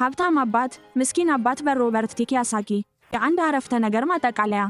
ሀብታም አባት፣ ምስኪን አባት በሮበርት ኪዮሳኪ። የአንድ አረፍተ ነገር ማጠቃለያ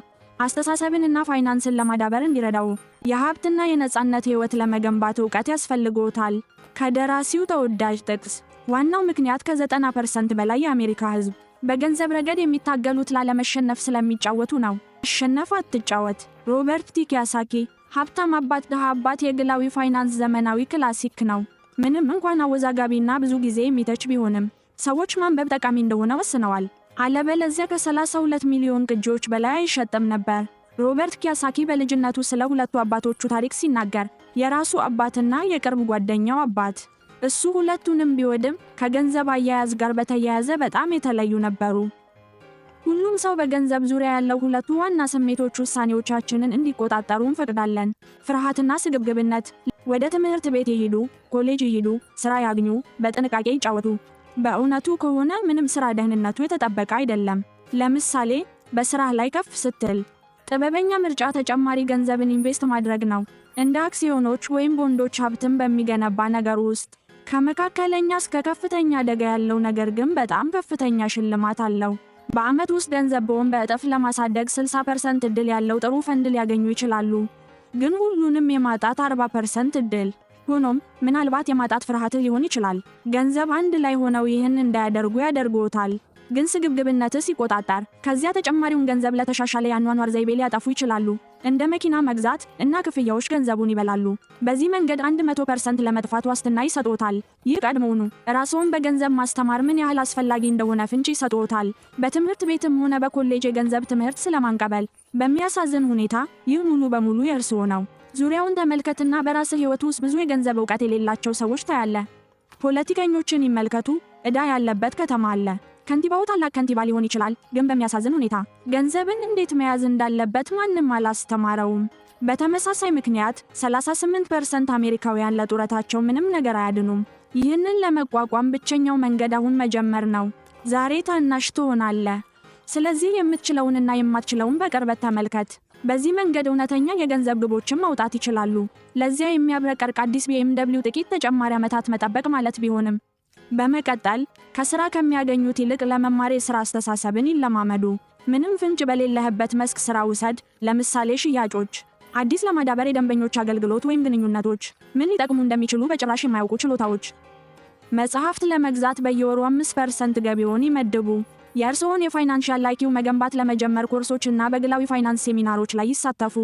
አስተሳሰብንና ፋይናንስን ለማዳበር እንዲረዳው የሀብትና የነጻነት ህይወት ለመገንባት እውቀት ያስፈልጎታል። ከደራሲው ተወዳጅ ጥቅስ ዋናው ምክንያት ከ90 ፐርሰንት በላይ የአሜሪካ ህዝብ በገንዘብ ረገድ የሚታገሉት ላለመሸነፍ ስለሚጫወቱ ነው። አሸነፍ አትጫወት። ሮበርት ቲኪያሳኪ ሀብታም አባት ድሃ አባት የግላዊ ፋይናንስ ዘመናዊ ክላሲክ ነው። ምንም እንኳን አወዛጋቢና ብዙ ጊዜ የሚተች ቢሆንም ሰዎች ማንበብ ጠቃሚ እንደሆነ ወስነዋል። አለበለዚያ ከ32 ሚሊዮን ቅጂዎች በላይ አይሸጥም ነበር። ሮበርት ኪያሳኪ በልጅነቱ ስለ ሁለቱ አባቶቹ ታሪክ ሲናገር የራሱ አባትና የቅርብ ጓደኛው አባት እሱ ሁለቱንም ቢወድም ከገንዘብ አያያዝ ጋር በተያያዘ በጣም የተለዩ ነበሩ። ሁሉም ሰው በገንዘብ ዙሪያ ያለው ሁለቱ ዋና ስሜቶች ውሳኔዎቻችንን እንዲቆጣጠሩ እንፈቅዳለን። ፍርሃትና ስግብግብነት። ወደ ትምህርት ቤት ይሂዱ፣ ኮሌጅ ይሂዱ፣ ስራ ያግኙ፣ በጥንቃቄ ይጫወቱ፣ በእውነቱ ከሆነ ምንም ስራ ደህንነቱ የተጠበቀ አይደለም። ለምሳሌ በስራ ላይ ከፍ ስትል ጥበበኛ ምርጫ ተጨማሪ ገንዘብን ኢንቨስት ማድረግ ነው። እንደ አክሲዮኖች ወይም ቦንዶች ሀብትን በሚገነባ ነገር ውስጥ ከመካከለኛ እስከ ከፍተኛ አደጋ ያለው ነገር ግን በጣም ከፍተኛ ሽልማት አለው። በአመት ውስጥ ገንዘብዎን በእጥፍ ለማሳደግ 60% እድል ያለው ጥሩ ፈንድ ሊያገኙ ይችላሉ፣ ግን ሁሉንም የማጣት 40% እድል ሆኖም ምናልባት የማጣት ፍርሃት ሊሆን ይችላል። ገንዘብ አንድ ላይ ሆነው ይህን እንዳያደርጉ ያደርጎታል። ግን ስግብግብነትስ ሲቆጣጠር፣ ከዚያ ተጨማሪውን ገንዘብ ለተሻሻለ የአኗኗር ዘይቤ ሊያጠፉ ይችላሉ። እንደ መኪና መግዛት እና ክፍያዎች ገንዘቡን ይበላሉ። በዚህ መንገድ 100% ለመጥፋት ዋስትና ይሰጥዎታል። ይህ ቀድሞውኑ ራስዎን በገንዘብ ማስተማር ምን ያህል አስፈላጊ እንደሆነ ፍንጭ ይሰጥዎታል። በትምህርት ቤትም ሆነ በኮሌጅ የገንዘብ ትምህርት ስለማንቀበል፣ በሚያሳዝን ሁኔታ ይህ ሙሉ በሙሉ የእርስዎ ነው። ዙሪያውን ተመልከትና በራስህ ህይወት ውስጥ ብዙ የገንዘብ እውቀት የሌላቸው ሰዎች ታያለ። ፖለቲከኞችን ይመልከቱ። እዳ ያለበት ከተማ አለ። ከንቲባው ታላቅ ከንቲባ ሊሆን ይችላል፣ ግን በሚያሳዝን ሁኔታ ገንዘብን እንዴት መያዝ እንዳለበት ማንም አላስተማረውም። በተመሳሳይ ምክንያት 38% አሜሪካውያን ለጡረታቸው ምንም ነገር አያድኑም። ይህንን ለመቋቋም ብቸኛው መንገድ አሁን መጀመር ነው። ዛሬ ታናሽ ትሆናለህ። ስለዚህ የምትችለውንና የማትችለውን በቅርበት ተመልከት። በዚህ መንገድ እውነተኛ የገንዘብ ግቦችን ማውጣት ይችላሉ። ለዚያ የሚያብረቀርቅ አዲስ ቢኤምደብሊው ጥቂት ተጨማሪ ዓመታት መጠበቅ ማለት ቢሆንም በመቀጠል ከስራ ከሚያገኙት ይልቅ ለመማር የስራ አስተሳሰብን ይለማመዱ። ምንም ፍንጭ በሌለህበት መስክ ስራ ውሰድ። ለምሳሌ ሽያጮች፣ አዲስ ለማዳበር የደንበኞች አገልግሎት ወይም ግንኙነቶች፣ ምን ሊጠቅሙ እንደሚችሉ በጭራሽ የማያውቁ ችሎታዎች። መጽሐፍት ለመግዛት በየወሩ 5% ገቢውን ይመድቡ። የእርስዎን የፋይናንሻል አይኪው መገንባት ለመጀመር ኮርሶች እና በግላዊ ፋይናንስ ሴሚናሮች ላይ ይሳተፉ።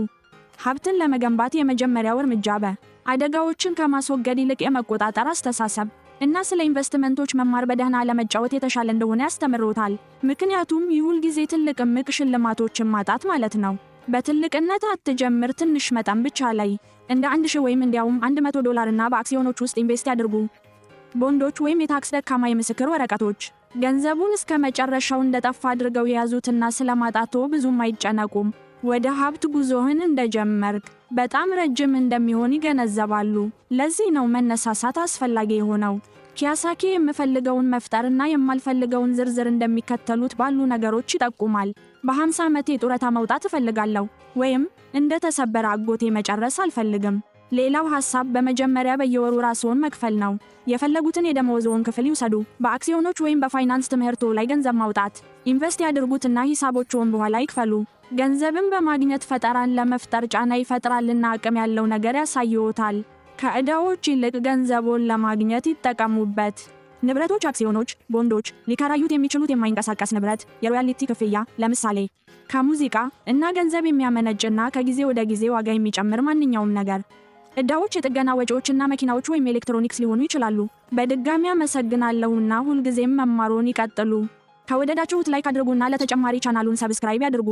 ሀብትን ለመገንባት የመጀመሪያው እርምጃ በ አደጋዎችን ከማስወገድ ይልቅ የመቆጣጠር አስተሳሰብ እና ስለ ኢንቨስትመንቶች መማር በደህና ለመጫወት የተሻለ እንደሆነ ያስተምሮታል። ምክንያቱም ይሁል ጊዜ ትልቅ እምቅ ሽልማቶችን ማጣት ማለት ነው። በትልቅነት አትጀምር፣ ትንሽ መጠን ብቻ ላይ እንደ አንድ ሺህ ወይም እንዲያውም አንድ መቶ ዶላርና በአክሲዮኖች ውስጥ ኢንቨስት ያድርጉ። ቦንዶች ወይም የታክስ ደካማ የምስክር ወረቀቶች ገንዘቡን እስከ መጨረሻው እንደጠፋ አድርገው የያዙትና ስለማጣቶ ብዙም አይጨነቁም። ወደ ሀብት ጉዞህን እንደጀመርክ በጣም ረጅም እንደሚሆን ይገነዘባሉ። ለዚህ ነው መነሳሳት አስፈላጊ የሆነው። ኪያሳኪ የምፈልገውን መፍጠርና የማልፈልገውን ዝርዝር እንደሚከተሉት ባሉ ነገሮች ይጠቁማል። በ50 ዓመቴ ጡረታ መውጣት እፈልጋለሁ ወይም እንደ ተሰበረ አጎቴ መጨረስ አልፈልግም። ሌላው ሐሳብ በመጀመሪያ በየወሩ ራስዎን መክፈል ነው። የፈለጉትን የደመወዝዎን ክፍል ይውሰዱ። በአክሲዮኖች ወይም በፋይናንስ ትምህርቶ ላይ ገንዘብ ማውጣት ኢንቨስት ያድርጉትና ሂሳቦችዎን በኋላ ይክፈሉ። ገንዘብን በማግኘት ፈጠራን ለመፍጠር ጫና ይፈጥራልና አቅም ያለው ነገር ያሳይዎታል። ከዕዳዎች ይልቅ ገንዘቡን ለማግኘት ይጠቀሙበት። ንብረቶች፣ አክሲዮኖች፣ ቦንዶች፣ ሊከራዩት የሚችሉት የማይንቀሳቀስ ንብረት፣ የሮያልቲ ክፍያ ለምሳሌ ከሙዚቃ እና ገንዘብ የሚያመነጭና ከጊዜ ወደ ጊዜ ዋጋ የሚጨምር ማንኛውም ነገር። ዕዳዎች የጥገና ወጪዎችና መኪናዎች ወይም ኤሌክትሮኒክስ ሊሆኑ ይችላሉ። በድጋሚ አመሰግናለሁና ሁልጊዜም መማሮን ይቀጥሉ። ከወደዳችሁት ላይክ አድርጉና ለተጨማሪ ቻናሉን ሰብስክራይብ ያድርጉ።